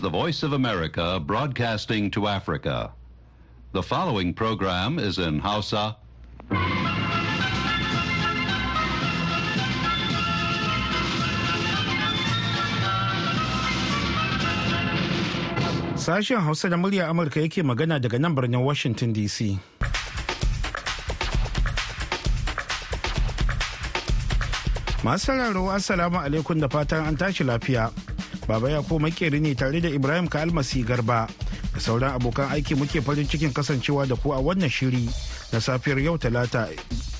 The Voice of America broadcasting to Africa. The following program is in Hausa. Sashen Hausa na murya Amurka yake magana daga nan birnin Washington DC. Masu sauraro Assalamu alaikum da fatan an tashi lafiya. Baba Yakubu makeri ne tare da Ibrahim Kalmasi Garba. Da sauran abokan aiki muke farin cikin kasancewa da ku a wannan shiri na safiyar yau talata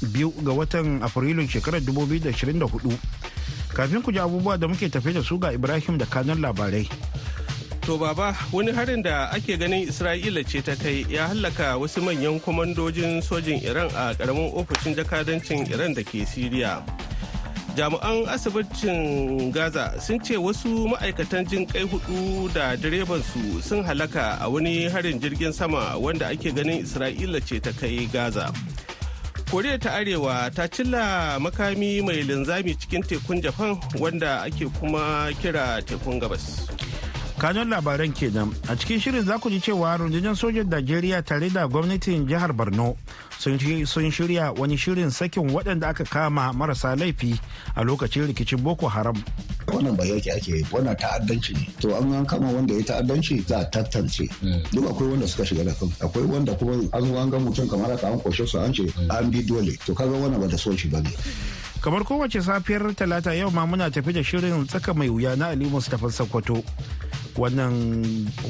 biyu ga watan Afrilun shekarar 2024. Kafin ku ji abubuwa da muke tafe da su ga Ibrahim da kanan labarai. To baba wani harin da ake ganin Isra'ila ce ta kai ya hallaka wasu manyan kwamandojin sojin Iran a ƙaramin ofishin jakadancin Iran da ke Siriya. jami'an asibitin gaza sun ce wasu ma'aikatan jin kai hudu da su sun halaka a wani harin jirgin sama wanda ake ganin isra'ila ce ta kai gaza koriya ta arewa ta cilla makami mai linzami cikin tekun japan wanda ake kuma kira tekun gabas kanun labaran kenan a cikin shirin za ku ji cewa rundunar sojan najeriya tare da gwamnatin jihar borno sun shirya wani shirin sakin waɗanda aka kama marasa laifi a lokacin rikicin boko haram wannan ba yake ake wannan ta'addanci ne to an an kama wanda ya ta'addanci za a tantance hmm. duk akwai wanda suka shiga da kan akwai wanda kuma an zo an ga mutum kamar haka an koshe su an ce hmm. an bi dole to kaga wannan ba da son shi bane kamar kowace safiyar talata yau ma muna tafi da shirin tsaka mai wuya na ali mustapha sokoto wannan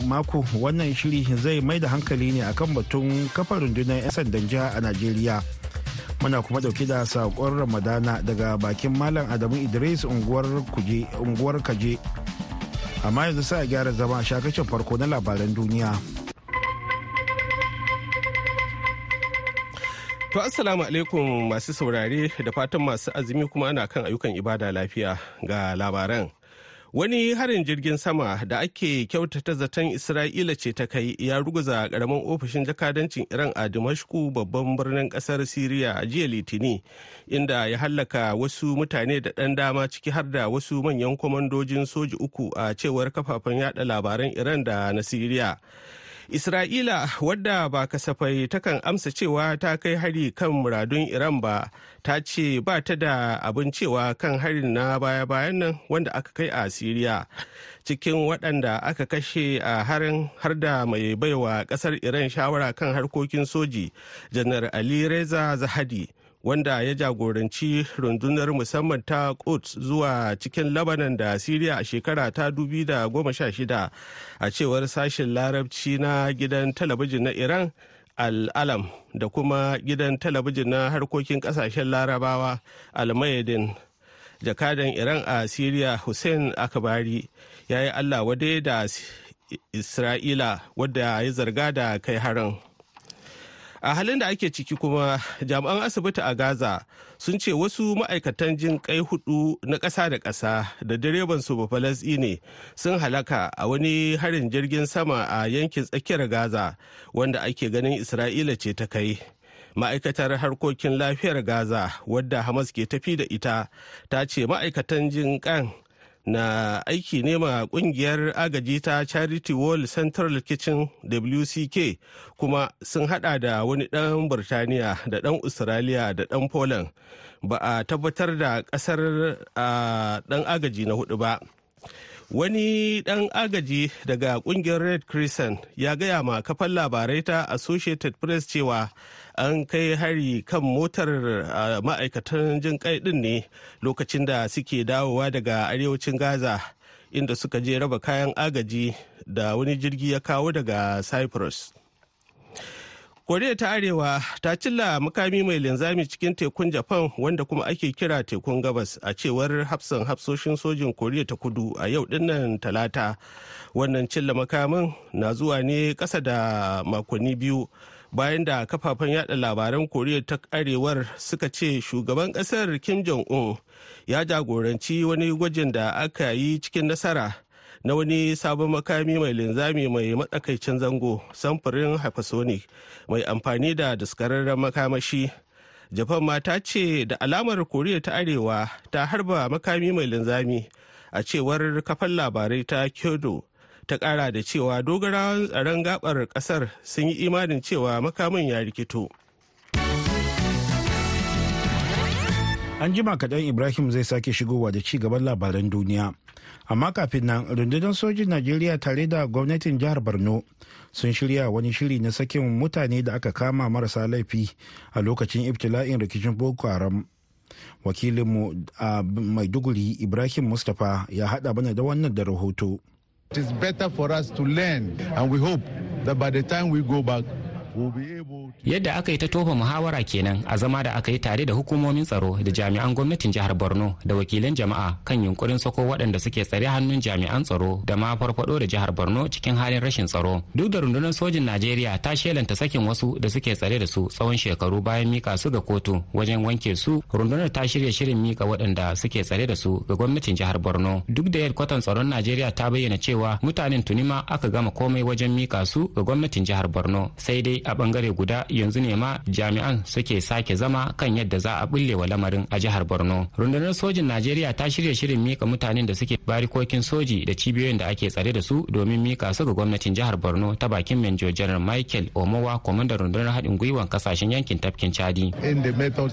mako wannan shiri zai mai da hankali ne akan batun kafa rundunar 'yan sandan jiha a najeriya muna kuma dauke da sakon ramadana daga bakin malam adamu idris unguwar kaje amma yanzu sa a gyara zama shakacin farko na labaran duniya To assalamu alaikum masu saurare da fatan masu azumi kuma ana kan ayyukan ibada lafiya ga labaran. wani harin jirgin sama da ake kyautata zaton isra'ila ce ta kai ya ruguza karamin ofishin jakadancin iran a dimashku babban birnin kasar siriya a jiya litini inda ya hallaka wasu mutane da ɗan dama ciki har da wasu manyan kwamandojin soji uku a cewar kafafen yada labaran iran da na siriya Isra'ila wadda ba kasafai takan amsa cewa ta kai hari kan muradun Iran ba ta ce ba ta da abin cewa kan hari na baya-bayan nan wanda aka kai a Siriya cikin waɗanda aka kashe a harin har da mai baiwa ƙasar Iran shawara kan harkokin soji janar Ali Reza Zahadi wanda ya jagoranci rundunar musamman ta Quds zuwa cikin Lebanon da Siriya a shekara ta 2016 a cewar sashen larabci na gidan talabijin na Iran Al-Alam da kuma gidan talabijin na harkokin kasashen larabawa Al-Mayadin. Jakadan Iran a Siriya Hussein Akabari ya yi Allah wadai da Isra'ila wadda ya zarga da kai harin. a halin da ake ciki kuma jami'an asibiti a gaza sun ce wasu ma'aikatan jin kai hudu na ƙasa da ƙasa da direban su ne sun halaka a wani harin jirgin sama a yankin tsakiyar gaza wanda ake ganin isra'ila ce ta kai ma'aikatar harkokin lafiyar gaza wadda hamas ke tafi da ita ta ce ma'aikatan jin kan na aiki ne ma kungiyar agaji ta charity world central kitchen wck kuma sun hada da wani dan burtaniya da dan australia da dan poland ba a tabbatar da kasar dan agaji na hudu ba wani ɗan agaji daga ƙungiyar red crescent ya gaya ma kafan labarai ta associated press cewa an kai hari kan motar ma'aikatan jin kai ɗin ne lokacin da suke dawowa daga arewacin gaza inda suka je raba kayan agaji da wani jirgi ya kawo daga cyprus koriya ta arewa ta cilla mukami mai linzami cikin tekun japan wanda kuma ake kira tekun gabas a cewar hafsan hafsoshin sojin koriya ta kudu a yau dinnan talata wannan cilla makamin na zuwa ne kasa da makonni biyu bayan da kafafen yada labaran koriya ta arewar suka ce shugaban kasar kim jong-un ya jagoranci wani gwajin da aka yi cikin nasara na wani sabon makami mai linzami mai matsakaicin zango samfurin hypersonic mai amfani da daskararren makamashi japan ma ta ce da alamar koriya ta arewa ta harba makami mai linzami a cewar kafan labarai ta kyodo ta kara da cewa dogarawan tsaron gabar kasar sun yi imanin cewa makamin ya rikito An jima kaɗan Ibrahim zai sake shigowa da ci gaban labaran duniya. Amma kafin nan rundunar sojin Najeriya tare da gwamnatin jihar Borno sun shirya wani shiri na sakin mutane da aka kama marasa laifi a lokacin ibtila'in rikicin Boko Haram. Wakilinmu a Maiduguri Ibrahim Mustapha ya haɗa mana da wannan da rahoto. It better for us to learn and we hope the time we go back Yadda aka yi ta tofa muhawara kenan a zama da aka yi tare da hukumomin tsaro da jami'an gwamnatin jihar Borno da wakilan jama'a kan yunkurin sako waɗanda suke tsare hannun jami'an tsaro da ma farfado da jihar Borno cikin halin rashin tsaro. Duk da rundunar sojin Najeriya ta shelanta sakin wasu da suke tsare da su tsawon shekaru bayan mika su ga kotu wajen wanke su rundunar ta shirya shirin mika waɗanda suke tsare da su ga gwamnatin jihar Borno. Duk da yadkwatan tsaron Najeriya ta bayyana cewa mutanen tunima aka gama komai wajen mika su ga gwamnatin jihar Borno sai dai a bangare guda yanzu ne ma jami'an suke sake zama kan yadda za a bulle wa lamarin a jihar borno rundunar sojin najeriya ta shirya shirin mika mutanen da suke barikokin soji da cibiyoyin da ake tsare da su domin mika su ga gwamnatin jihar borno ta bakin menjo janar michael omowa kwamandan rundunar haɗin gwiwan kasashen yankin tafkin chadi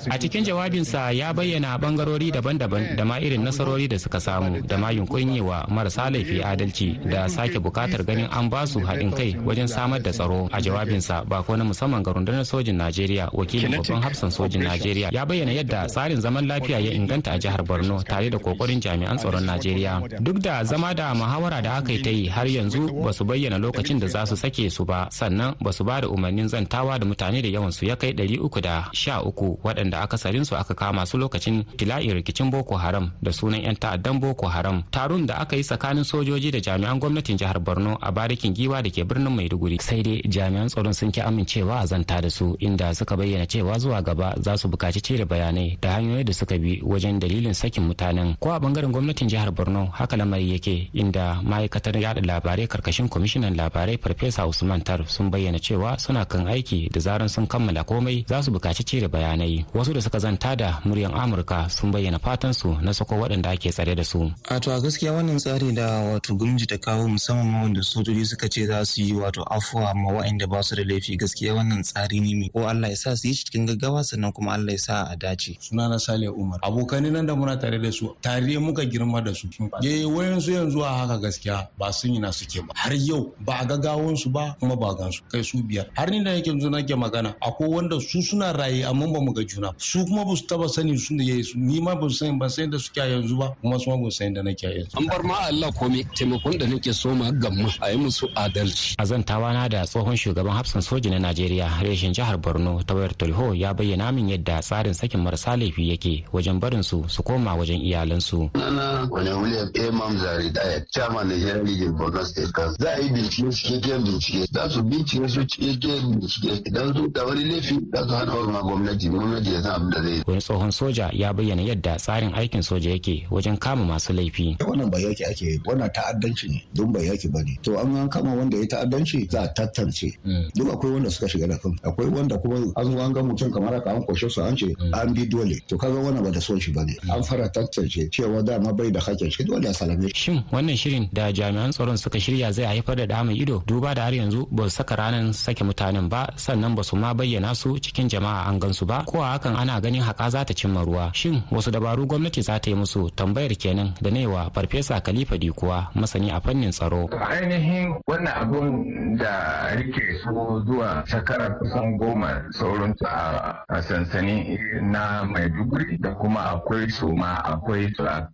a cikin jawabinsa ya bayyana bangarori daban-daban da ma irin nasarori da suka samu da ma yunkurin yi wa marasa laifi adalci da sake bukatar ganin an basu haɗin kai wajen samar da tsaro a jawabinsa ba sako na musamman ga rundunar sojin Najeriya wakilin babban hafsan sojin Najeriya ya bayyana yadda tsarin zaman lafiya ya inganta a jihar Borno tare da kokarin jami'an tsaron Najeriya duk da zama da muhawara da aka yi har yanzu ba su bayyana lokacin da za su sake su ba sannan ba su ba da umarnin zantawa da mutane da yawan su ya kai ɗari uku da sha uku waɗanda akasarin su aka kama su lokacin tilai rikicin Boko Haram da sunan 'yan ta'addan Boko Haram taron da aka yi tsakanin sojoji da jami'an gwamnatin jihar Borno a barikin giwa da ke birnin Maiduguri sai dai jami'an tsaron sun ki amincewa zanta da su inda suka bayyana cewa zuwa gaba za su bukaci cire bayanai da hanyoyi da suka bi wajen dalilin sakin mutanen ko a bangaren gwamnatin jihar borno haka lamari yake inda ma'aikatar yada labarai karkashin kwamishinan labarai farfesa usman tar sun bayyana cewa suna kan aiki da zaran sun kammala komai za su bukaci cire bayanai wasu da suka zanta da muryan amurka sun bayyana fatan su na sako waɗanda ake tsare da su a to a gaskiya wannan tsari da wato gwamnati ta kawo musamman wanda sojoji suka ce za su yi wato afuwa ma waɗanda ba su da laifi gaskiya wannan tsari ne mai ko Allah ya sa su yi cikin gaggawa sannan kuma Allah ya sa a dace sunana Sale Umar abokanai nan da muna tare da su tare muka girma da su ye wayan su yanzu a haka gaskiya ba sun yi na suke ba har yau ba a gagawon su ba kuma ba gansu kai su biyar har ni da yake yanzu nake magana akwai wanda su suna raye amma ba mu ga juna su kuma ba su taba sani su ne su ni ma ba san ba san da suke yanzu ba kuma su ma ba san da nake yanzu an bar ma Allah komai taimakon da nake so ma gamma a yi musu adalci azantawa na da tsohon shugaban hafsan soja soji na najeriya reshen jihar borno ta wayar tolho ya bayyana min yadda tsarin sakin marasa laifi yake wajen barin su su koma wajen iyalansu wani william a mamzari daya chairman na jiran rijin borno state council za a yi bincike cikakken bincike za su bincike su cikakken bincike idan su da wani laifi za su hana wa gwamnati gwamnati ya san abin da zai wani tsohon soja ya bayyana yadda tsarin aikin soja yake wajen kama masu laifi wannan bai yake ake wannan ta'addanci ne don ba yaki bane to an kama wanda ya ta'addanci za a tantance hmm. duk akwai wanda suka shiga da akwai wanda kuma an zo an ga mutum kamar haka an koshe su an ce an bi dole to kaga wannan ba da son shi bane an fara tantance cewa dama bai da hakkin shi dole a salame shin wannan shirin da jami'an tsaron suka shirya zai haifar da damun ido duba da har yanzu ba su saka ranar sake mutanen ba sannan ba su ma bayyana su cikin jama'a an su ba ko a hakan ana ganin haka za ta cimma ruwa shin wasu dabaru gwamnati za ta yi musu tambayar kenan da naiwa farfesa khalifa dikuwa masani a fannin tsaro ainihin wannan abun da rike su zuwa zuwa shekarar kusan goma sauran a sansani na maiduguri da kuma akwai su ma akwai su a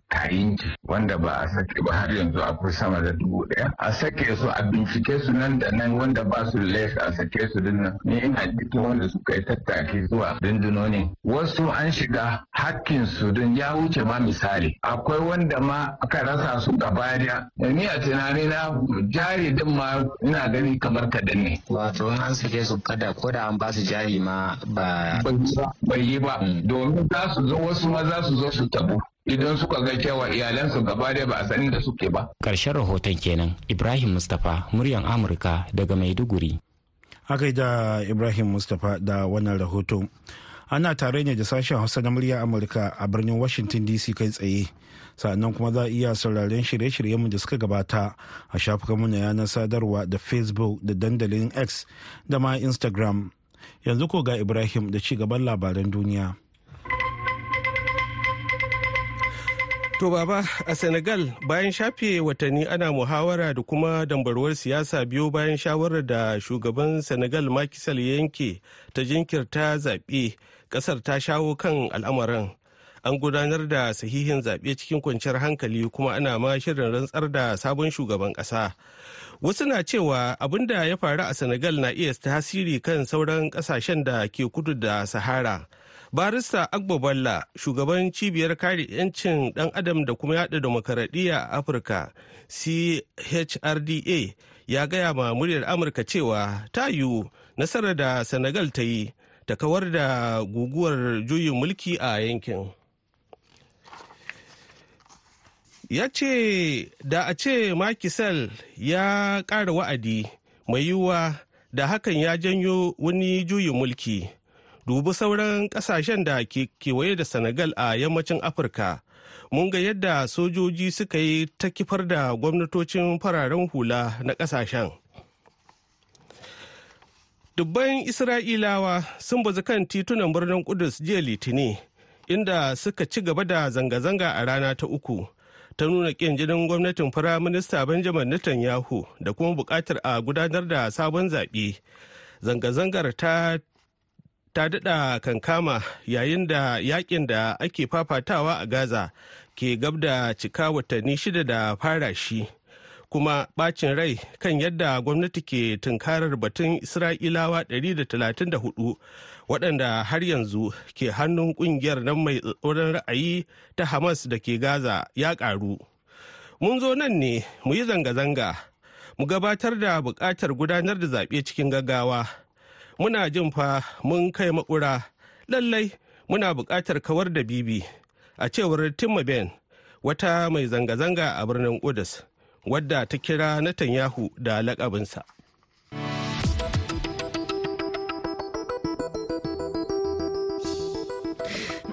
wanda ba a sake ba har yanzu akwai sama da dubu daya a sake su a bincike su nan da nan wanda ba su laifi a sake su nan ne ina jiki wanda suka yi tattaki zuwa dundunoni wasu an shiga hakkin su don ya wuce ma misali akwai wanda ma aka rasa su gaba daya ni a tunani na jari din ma ina gani kamar ka danne. wato an su su kada ko da an ba su jari ma ba bai yi ba mm. domin za su zo wasu ma za su zo su tabo idan suka ga cewa iyalansu gaba da ba a sanin da suke ba karshen rahoton kenan ibrahim mustapha muryan amurka daga maiduguri akai da ibrahim mustapha da wannan rahoto ana tare ne da sashen hausa na murya amurka a birnin washington dc kai tsaye sannan kuma za a iya sauraren shirye-shiryenmu da suka gabata a shafukanmu na yanar sadarwa da facebook da dandalin x da ma instagram yanzu ko ga ibrahim da ci gaban labaran duniya To baba a Senegal bayan shafe watanni ana muhawara da kuma dambarwar siyasa biyu bayan shawarar da shugaban Senegal Macky Sall yanke ta jinkirta zaɓe ƙasar ta shawo kan al'amarin an gudanar da sahihin zaɓe cikin kwanciyar hankali kuma ana ma shirin rantsar da sabon shugaban ƙasa wasu na cewa abin da ya faru a senegal na iya tasiri kan sauran ƙasashen da ke kudu da sahara barista agbo balla shugaban cibiyar kare 'yancin ɗan adam da kuma yaɗa demokaradiyya a afirka chrda ya gaya ma muryar amurka cewa ta yiwu nasarar da senegal ta yi ta kawar da guguwar juyin mulki a yankin. ya ce da a ce makisel ya ƙara wa'adi mai yiwuwa da hakan ya janyo wani juyin mulki dubi sauran ƙasashen da ke kewaye da senegal a yammacin afirka mun ga yadda sojoji suka yi ta kifar da gwamnatocin fararen hula na ƙasashen dubban isra'ilawa sun bazu kan titunan birnin kudus jiya litini inda suka ci gaba da zanga-zanga a rana ta uku ta nuna ƙin jinin gwamnatin firaminista benjamin netanyahu da kuma buƙatar a gudanar da sabon zaɓe zanga-zangar ta ta daɗa kankama yayin da yakin da ake fafatawa a gaza ke gab da cika watanni shida da fara shi kuma bacin rai kan yadda gwamnati ke tunkarar batun isra'ilawa 134 waɗanda har yanzu ke hannun ƙungiyar nan mai tsoron ra'ayi ta hamas da ke gaza ya ƙaru mun zo nan ne mu yi zanga-zanga mu gabatar da buƙatar gudanar da zaɓe cikin gaggawa muna jin fa mun kai maƙura lallai muna buƙatar kawar da bibi a cewar timma ben wata mai zanga-zanga a birnin Kudus wadda ta kira Netanyahu da laƙabinsa.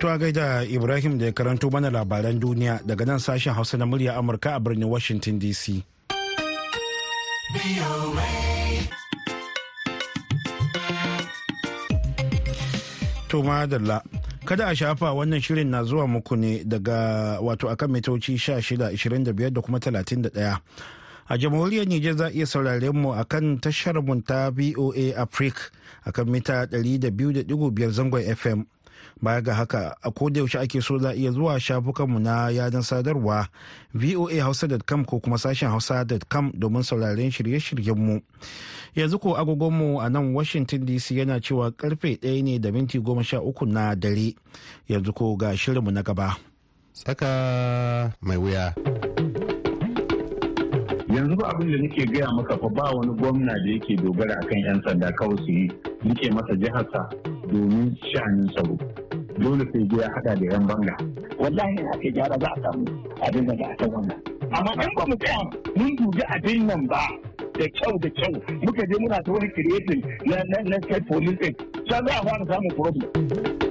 a gaida Ibrahim da ya karanto mana labaran duniya daga nan sashen Hausa na murya Amurka a birnin Washington DC. Toma Dalla, kada a shafa wannan shirin na zuwa muku ne daga wato akan mitoci 16, 25 da kuma 31. a jamhuriyar Nijar za iya saurare mu a kan tashar ta VOA Africa a kan mita 200.5 zangon FM. baya ga haka a yaushe ake so za iya zuwa shafukanmu na yanar sadarwa voahausa.com ko kuma sashen hausa.com domin sauraren shirye-shiryenmu yanzu ko agogonmu a nan washington dc yana cewa karfe ɗaya ne da minti goma sha uku na dare yanzu ko ga shirinmu na gaba tsaka mai wuya yanzu ba abin da nake gaya maka fa ba wani gwamna da yake dogara akan 'yan sanda kawai su yi nike masa sa domin sha'anin tsaro dole sai ya hada da yan banga wallahi na ke gyara za a samu abin da a wannan amma in ba mu tsaya mun dubi abin nan ba da kyau da kyau muka je muna ta wani creating na na na state police sai za a fara samun problem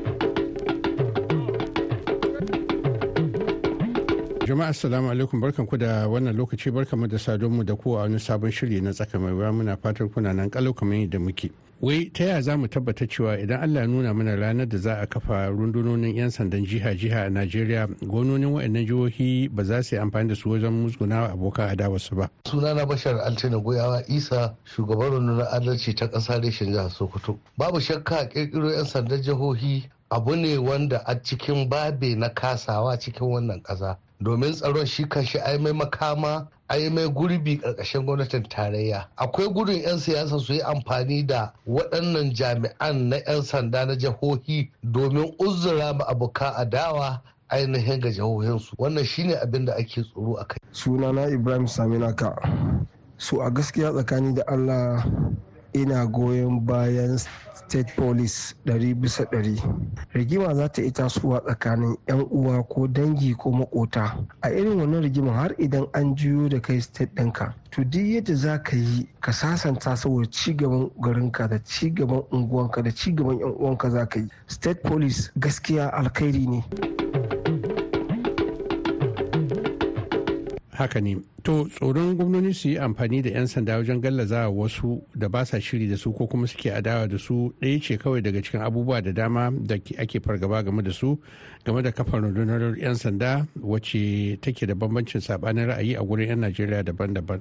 Jama'a assalamu alaikum ku da wannan lokaci mu da sadon mu da kowa wani sabon shiri na tsaka mai ruwa muna fatar kuna nan kalau kamar yadda muke. Wai ta yaya za mu tabbata cewa idan Allah nuna mana ranar da za a kafa rundunonin 'yan sandan jiha-jiha a Najeriya gononin waɗannan jihohi ba za su yi amfani da su wajen musgunawa abokan adawa su ba. Sunana Bashar Altina Goyawa Isa shugaban rundunar adalci ta ƙasa reshen jihar Sokoto. Babu shakka a ƙirƙiro 'yan sandan jihohi abu ne wanda a cikin babe na kasawa cikin wannan ƙasa domin tsaron shi kashi ai mai makama ai mai gurbi karkashin gwamnatin tarayya akwai gudun 'yan siyasa su yi amfani da waɗannan jami'an na 'yan sanda na jihohi domin uzura ma abokan adawa ainihin ga jihohinsu wannan shine abin da ake tsoro a kai sunana ibrahim saminaka su a gaskiya tsakani da allah ina goyon bayan state police ɗari bisa ɗari rigima za ta ita suwa tsakanin 'yan uwa ko dangi ko makota a irin wannan rigima har idan an juyo da kai state ɗinka to duk yadda za ka yi ka sasanta saboda cigaban garinka da cigaban unguwanka da cigaban 'yan uwanka za ka yi state police gaskiya alkhairi ne. haka ne to tsoron gwamnoni su yi amfani da 'yan sanda wajen gallaza wasu da ba sa shiri da su ko kuma suke adawa da su ɗaya ce kawai daga cikin abubuwa da dama da ake fargaba game da su game da kafar rundunar 'yan sanda wacce take da bambancin sabanin ra'ayi a gurin 'yan najeriya daban-daban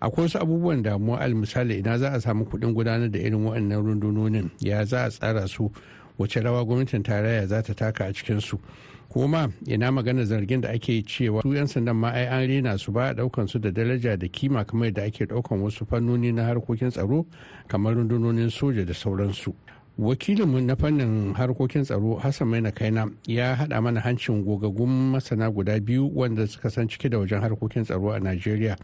akwai wasu abubuwan damuwa al misali ina za a samu kuɗin gudanar da irin wa'annan rundunonin ya za a tsara su wace rawa gwamnatin tarayya za ta taka a cikin su koma ina magana zargin da ake cewa su 'yan sandan ma ai an rena su ba daukan su da daraja da kima kamar da ake daukan wasu fannoni na harkokin tsaro kamar rundunonin soja da sauransu wakilinmu na fannin harkokin tsaro hassan maina kaina ya haɗa mana hancin gogagun masana guda biyu wanda suka san cike da wajen harkokin tsaro a najeriya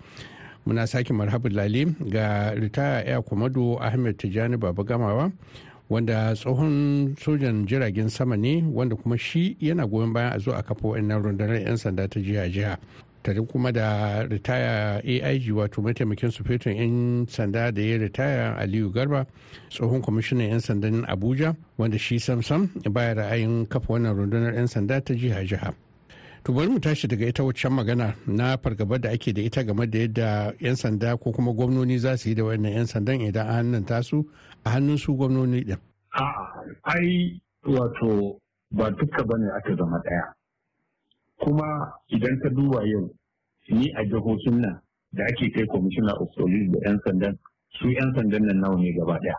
muna sake marhabu lale ga ritaya ya komado ahmed tijjani baba gamawa wanda tsohon sojan jiragen sama ne wanda kuma shi yana goyon bayan a zo a kafa wannan rundunar 'yan sanda ta jiha-jiha tare kuma da ritaya aig wato mataimakin fetur 'yan sanda da ya ritaya aliyu garba tsohon kwamishinan 'yan sandan abuja wanda shi samsam baya ra'ayin kafa wannan rundunar 'yan sanda ta jiha-jiha to bari mu tashi daga ita waccan magana na fargaba da ake da ita game da yadda 'yan sanda ko kuma gwamnoni za su yi da wannan 'yan sandan idan an hannun tasu a hannun su gwamnoni din a'a ai wato ba duka bane aka zama ɗaya kuma idan ka duba yau ni a jihohin nan da ake kai kwamishina of police da yan sandan su yan sandan nan nawa ne gaba daya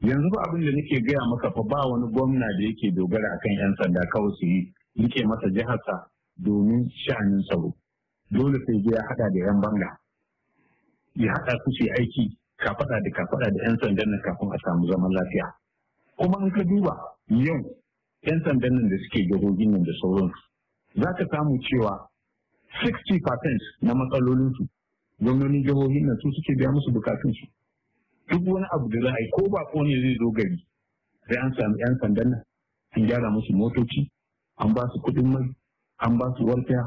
yanzu ba abin da nake gaya maka fa ba wani gwamna da yake dogara akan yan sanda kawai su yi nike masa jiharsa domin sha'anin tsaro dole sai ya haɗa da yan banga ya haɗa su su aiki kafaɗa da kafaɗa da 'yan sandan nan kafin a samu zaman lafiya kuma in ka duba yau 'yan sandan nan da suke jihohin nan da sauransu za ka samu cewa 60% na matsalolinsu gwamnonin jihohin nan su suke biya musu bukatunsu duk wani abu da za a yi ko bako ne zai zo gari sai an sami 'yan sandan nan an gyara musu motoci an ba su kuɗin mai an ba su warfiya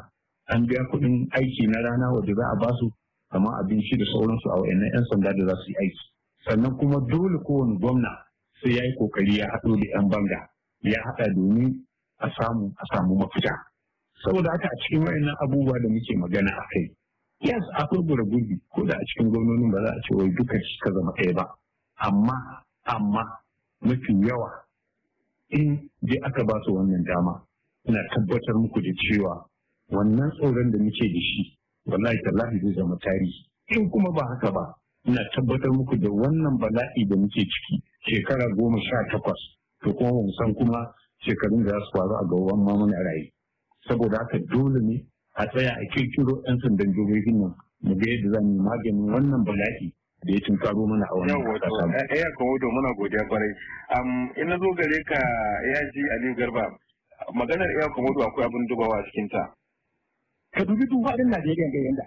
an biya kuɗin aiki na rana wadda za a ba su kamar abinci da sauransu a wayannan 'yan sanda da za su yi aiki sannan kuma dole kowane gwamna sai ya yi kokari ya haɗo da 'yan banga ya haɗa domin a samu a samu mafita saboda haka a cikin wayannan abubuwa da muke magana a kai yes akwai gura gurbi ko da a cikin gwamnonin ba za a ce wai duka ka zama ɗaya ba amma amma mafi yawa in je aka ba su wannan dama ina tabbatar muku da cewa wannan tsoron da muke da shi wallahi tallafi zai zama tarihi in kuma ba haka ba ina tabbatar muku da wannan bala'i da muke ciki shekara goma sha takwas to kuma mu san kuma shekarun da za su faru a gaban mamuna raye saboda haka dole ne a tsaya a kirkiro 'yan sandan jirgin nan mu ga yadda za mu maganin wannan bala'i da ya tunkaro mana a wannan kasa. Ya kuma da muna godiya kwarai. Ina zo gare ka yaji Aliyu Garba. Maganar ya kuma akwai abin dubawa a cikinta. ka dubi duk faɗin Najeriya ga yanda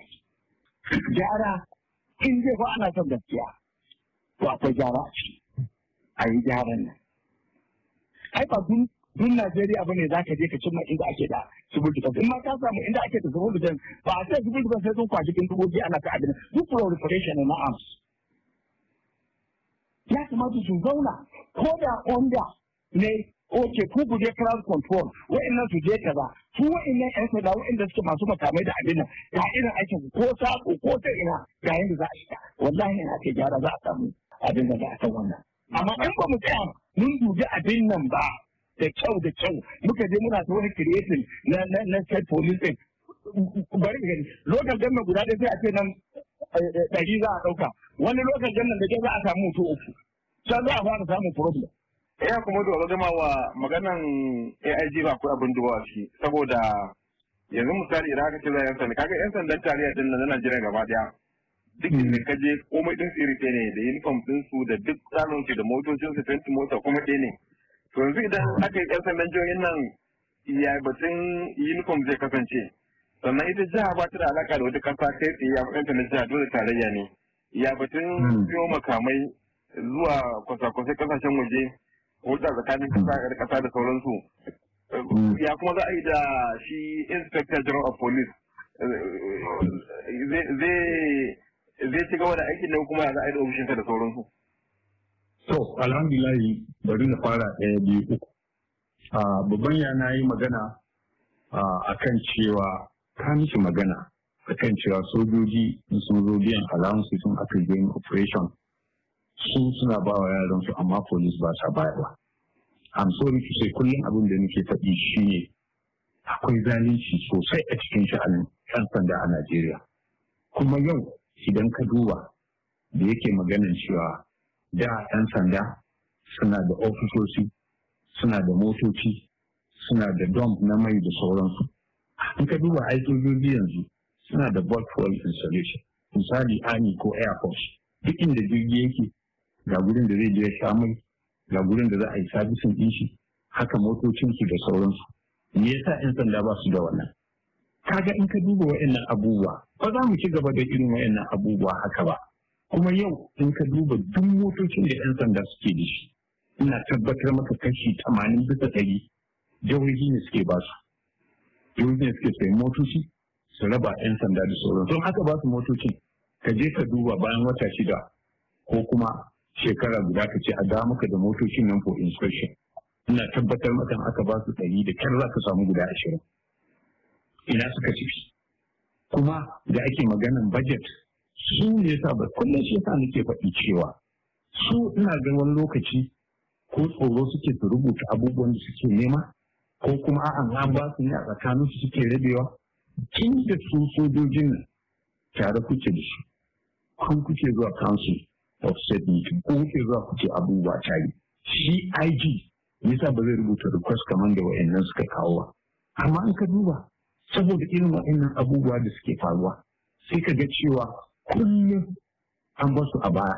gyara in zai fa ana son gaskiya to akwai gyara a ciki a yi gyaran nan ai ba dun dun Najeriya bane za ka je ka cimma inda ake da civil defense in ma ka samu inda ake da civil defense ba a ce civil defense sai sun kwashi kin dubobi ana ta abin duk proliferation na arms ya kamata su zauna ko da onda ne oke ku guje crowd control wa'annan su je kaza su wa'annan yan sanda wa'anda suke masu makamai da abin nan ga irin aikin ko ta ko ta ina ga yanda za a shiga wallahi ina ke gyara za a samu abin da za a san wannan amma in ba mu tsaya mun dubi abin nan ba da kyau da kyau muka je muna ta wani kiretin na na na state police din bari ka gani local government guda ɗaya sai a ce nan eh, eh, ɗari za a ɗauka wani lokacin government da ke za a samu mutu uku can za a fara samun problem ya kuma da gama wa maganan AIG ba ku abin dubawa shi saboda yanzu misali idan aka ce za yan sanda kaga yan sandan tarayya din na Najeriya gaba daya duk inda ka je komai din iri ɗaya ne da uniform din su da duk tsarin su da motocin su fenti mota kuma ɗaya ne to yanzu idan aka yi yan sandan jihohin nan ya batun uniform zai kasance sannan ita jiha ba ta da alaka da wata kasa kai tsaye ya yan na jiha dole tarayya ne ya batun hmm. siyo makamai zuwa kwasa-kwasai kasashen waje hulɗa tsakanin kasa da sauransu mm. ya kuma za a yi da shi inspector general of police zai ci gaba da aikin nan kuma za a yi da ofishinsa da sauransu so alhamdulillahi bari na fara ɗaya biyu uku babban yana yi magana a kan cewa ta mishi magana a kan cewa sojoji sun zo biyan alawansu sun aka yi operation su suna ba wa yaransu amma police ba sa bayarwa I'm sorry to say kullum abin da nake faɗi shine akwai zalunci sosai a cikin sha'anin yan sanda a Najeriya kuma yau idan ka duba da yake maganin cewa da yan sanda suna da ofisoshi suna da motoci suna da dom na mai da sauransu in ka duba aikin yanzu suna da bulk fuel installation misali army ko air force duk inda jirgi yake ga gurin da zai je sha mai ga gurin da za a yi sabisin din shi haka motocinsu da sauransu me yasa 'yan sanda ba su da wannan kaga in ka duba wa'annan abubuwa ba za mu ci gaba da irin wa'annan abubuwa haka ba kuma yau in ka duba duk motocin da 'yan sanda suke da shi ina tabbatar maka kashi tamanin bisa ɗari jihohi ne suke ba su jihohi ne suke sayi motoci su raba 'yan sanda da sauran don haka ba su motocin ka je ka duba bayan wata shida ko kuma shekara guda ka ce a da maka da motocin nan for inspection ina tabbatar maka aka ba su ɗari da kyar za ka samu guda ashirin ina suka ci kuma da ake maganan budget su ne sa ba kullum shi yasa nake faɗi cewa su ina ga lokaci ko tsoro suke su rubuta abubuwan da suke nema ko kuma a'a an ba su ne a tsakanin su suke rabewa tun da su sojojin tare kuke da shi kun kuke zuwa kansu of service ko za ku ce abubuwa tare shi IG yasa ba zai rubuta request kamar da wa'annan suka kawo ba amma an ka duba saboda irin wa'annan abubuwa da suke faruwa sai ka ga cewa kullum an ba su a baya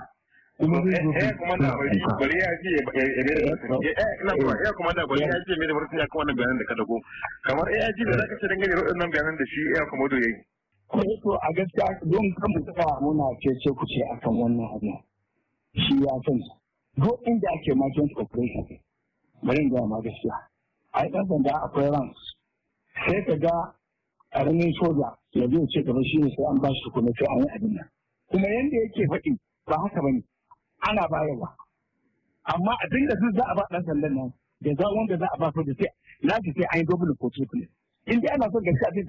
kuma zai eh, kuma da bari ya ce ya kuma da bari ya ce mai da ya kuma wannan bayanan da ka dago kamar ya ji da zaka ce dangane da wannan bayanan da shi ya kuma do yayi ko a gaskiya don kan mutaka muna ce ce ku ce akan wannan abu shi ya sani duk inda ake merchant corporation bari in gaya ma gaskiya ai ɗan sanda akwai ranks sai ka ga ƙaramin soja ya zo ce shi ne sai an ba shi kuma sai an yi kuma yanda yake faɗi ba haka ba ne ana ba ɗan sandan nan da za a ba soja sai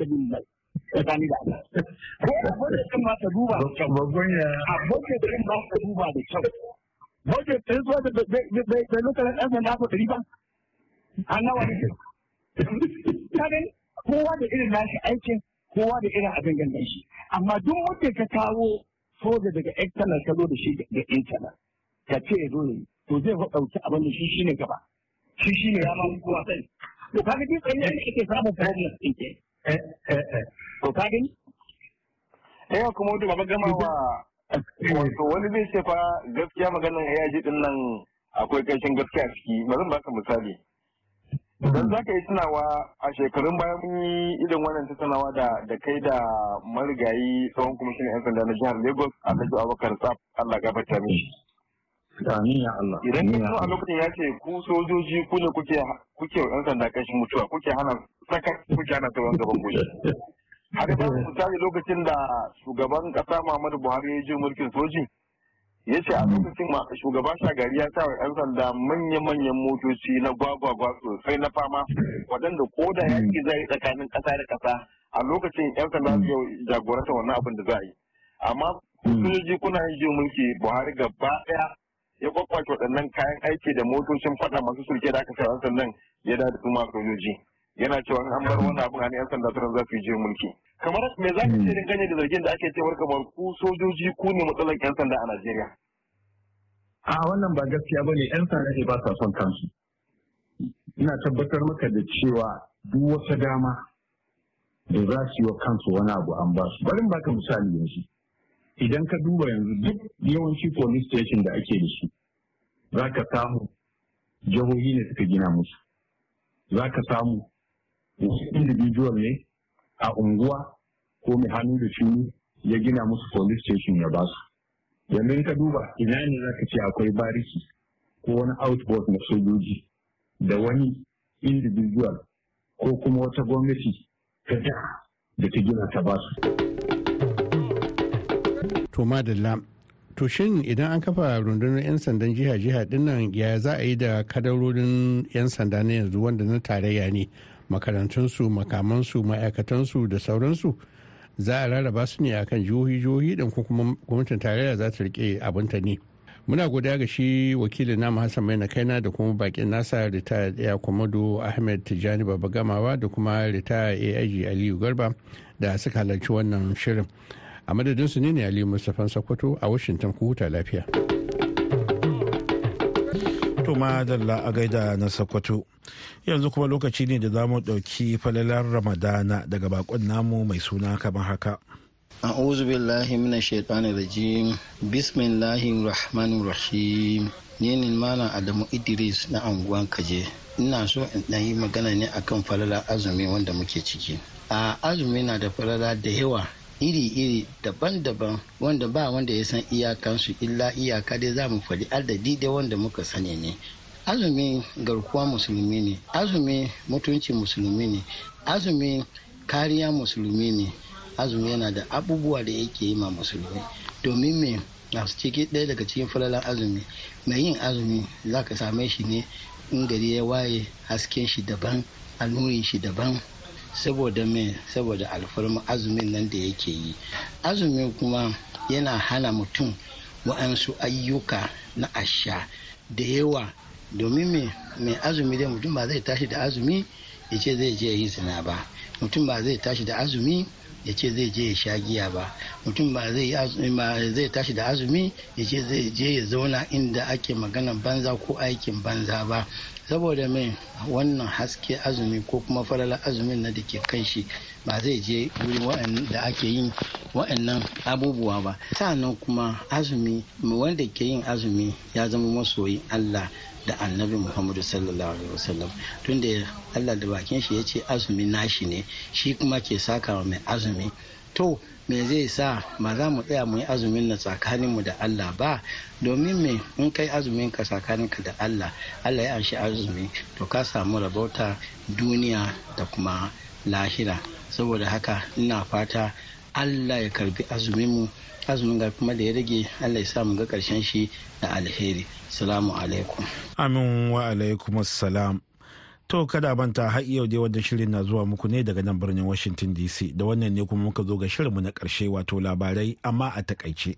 na tsakani da Allah. Ko abokin ma ta duba da kyau. Abokin ma ta duba da kyau. Bokin ɗin zuwa da bai lokacin ɗan sanda ko ɗari ba. An nawa ne. Kaga kowa da irin nashi aikin kowa da irin abin ganin shi. Amma duk wanda ka kawo soja daga external ka zo da shi da internal. Ka ce ya zo ne. To zai ɗauki abin da shi shi ne gaba. Shi shine ya ma kowa sani. To kaga duk tsayin da ake samun problem ɗin ke. Eh, eh, eh. to ka gani eh kuma wato baba wa wato wani zai ce fa gaskiya maganar AIG din nan akwai kanshin gaskiya ciki ba zan baka misali Idan za ka yi tunawa a shekarun bayan mun yi irin wannan tattaunawa da da kai da marigayi tsohon kwamishinan 'yan sanda na jihar Lagos Alhaji Abubakar Tsaf Allah gafarta mishi. Amin ya Allah. Idan ka a lokacin ya ce ku sojoji ku ne kuke kuke yan sanda kashin mutuwa kuke hana saka kuke hana sauran gaban goshi. Har ba misali lokacin da shugaban kasa Muhammadu Buhari ya je mulkin soji ya ce a mm. lokacin shugaba shagari ya sa ƴan sanda manya-manyan motoci na gwagwagwa sosai na fama waɗanda ko da mm. yaƙi zai tsakanin ƙasa da ƙasa a lokacin ƴan sanda mm. su jagoranta wannan abin da za a yi. Amma sojoji kuna yin mulki Buhari gaba ɗaya ya kwakwace waɗannan kayan aiki da motocin fada masu sulke da aka sa yan nan ya da su sojoji yana cewa an bar wani abin a yan sanda turan za su je mulki kamar me za ka ce hmm. ganye da zargin da ake cewa kamar ku sojoji ku ne matsalar yan sanda a Najeriya a wannan ba gaskiya ba ne yan sanda ne ba sa son kansu ina tabbatar maka da cewa duk wata dama da za su yi wa kansu wani abu an ba su bari baka misali yanzu idan ka duba yanzu duk yawanci police station da ake da shi. za ka samu jihohi ne suka gina musu za ka samu individual ne a unguwa ko mai hannu da shuni ya gina musu police station ya basu yanzu ka duba ina ne za ka ce akwai bariki ko wani outboard na sojoji da wani individual ko kuma wata gwamnati ta da da ta gina ta basu. To madalla to shin idan an kafa rundunar 'yan sandan jiha-jiha dinnan ya za a yi da kadarorin 'yan sanda na yanzu wanda na tarayya ne makarantunsu makamansu ma'aikatansu da sauransu za a rarraba su ne akan jihohi-jihohi din ko kuma gwamnatin tarayya za ta rike abinta ne muna godiya ga shi wakilin namu hassan mai na kaina da kuma bakin nasa ritaya ya komodo ahmed tijani baba gamawa da kuma ritaya aig aliyu garba da suka halarci wannan shirin a madadin su ne ne ali mustapha sokoto a washington ku huta lafiya to madalla a gaida na sokoto yanzu kuma lokaci ne da za mu ɗauki falalar ramadana daga bakon namu mai suna kamar haka أعوذ na من الشيطان الرجيم بسم الله الرحمن الرحيم ni ne mana adamu idris na anguwan kaje ina so in yi magana ne akan falala azumi wanda muke ciki a azumi na da falala da yawa iri-iri daban-daban wanda ba wanda ya san iyakansu illa iyaka dai za mu faɗi adadi dai wanda muka sani ne azumin garkuwa musulmi ne azumin mutunci musulmi ne azumin kariya musulmi ne azumi yana da abubuwa da yake yi ma musulmi domin me a ciki ɗaya daga cikin falalan azumi mai yin azumi za ka same shi ne in gari ya waye hasken shi daban a shi daban saboda me saboda alfarma azumin nan da yake yi azumin kuma yana hana mutum wa'ansu ayyuka na asha da yawa domin mai azumi dai mutum ba zai tashi da azumi ya ce zai je yi zina ba mutum ba zai tashi da azumi ya ce zai je ya sha giya ba mutum ba zai tashi da azumi ya ce zai je ya zauna inda ake maganar banza ko aikin banza ba saboda mai wannan haske azumi ko kuma farala azumin na da ke kan shi ba zai je wurin da ake yin wa'annan abubuwa ba sa'annan kuma azumi wanda ke yin azumi ya zama masoyi allah da annabi muhammadu sallallahu alaihi wasallam tunda allah da bakin shi ya ce azumi nashi ne shi kuma ke saka wa mai azumi to me zai sa ma za mu tsaya mu yi azumin na tsakaninmu da Allah ba domin me in kai azumin ka tsakaninka da Allah Allah ya anshi azumi to ka samu rabauta duniya da kuma lahira saboda haka ina fata Allah ya karbi azuminmu azumin ga kuma da ya rage Allah ya sa mu ga karshen shi da alheri salamu alaikum amin wa alaikum assalam to kada banta har yau dai wannan shirin na zuwa muku ne daga nan birnin Washington DC da wannan ne kuma muka zo ga shirinmu na karshe wato labarai amma a takaice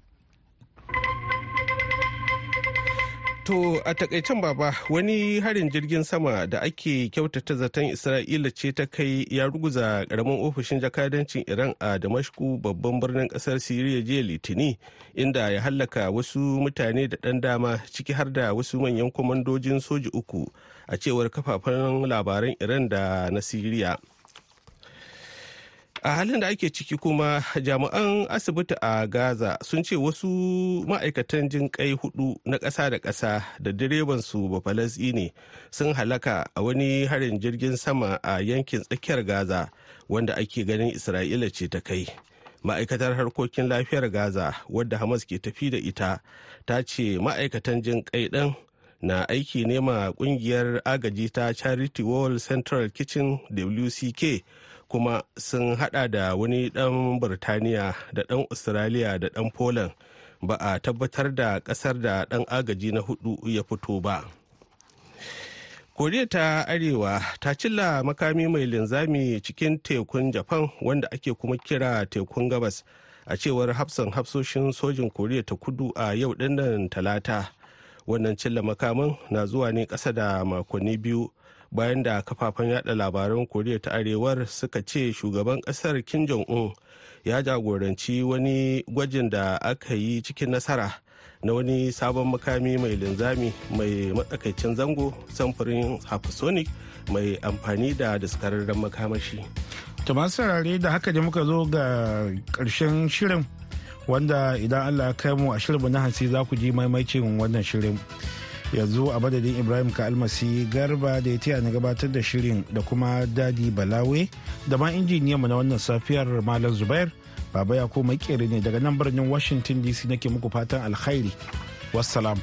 To a takaicen baba wani harin jirgin sama da ake kyautata zaton Isra'ila ce ta kai ya ruguza karamin ofishin jakadancin Iran a Damashku babban birnin kasar Siriya jiya Litini inda ya hallaka wasu mutane da ɗan dama ciki har da wasu manyan kwamandojin soji uku a cewar kafafen labaran Iran da na Siriya. a halin da ake ciki kuma jami'an asibiti a gaza sun ce wasu ma'aikatan jin kai hudu na ƙasa da ƙasa da direban su bafalasi ne sun halaka a wani harin jirgin sama a yankin tsakiyar gaza wanda ake ganin isra'ila ce ta kai ma'aikatar harkokin lafiyar gaza wadda hamas ke tafi da ita ta ce ma'aikatan jin kai ɗin na aiki nema kungiyar agaji ta charity world central kitchen wck kuma sun hada da wani dan birtaniya da dan australia da dan poland ba a tabbatar da kasar da dan agaji na hudu ya fito ba koriya ta arewa ta cilla makami mai linzami cikin tekun japan wanda ake kuma kira tekun gabas a cewar hafsan hafsoshin sojin koriya ta kudu a yau dinnan talata wannan cilla makamin na zuwa ne kasa da makonni biyu bayan da kafafen yada labaran koriya ta arewar suka ce shugaban kasar kim jong-un ya jagoranci wani gwajin da aka yi cikin nasara na wani sabon makami mai linzami mai matsakaicin zango samfurin hypersonic mai amfani da daskararren makamashi. ta masu sarare da haka da muka zo ga ƙarshen shirin wanda idan allah ya kai mu a shirin na hansi za ku ji maimacin wannan shirin. yanzu a madadin ibrahim ka almasi garba da ya taya na gabatar da shirin da kuma dadi balawe da ma injiniyanmu na wannan safiyar malam zubair baba ya ko ne daga nan birnin washington dc nake muku fatan alkhairi wassalam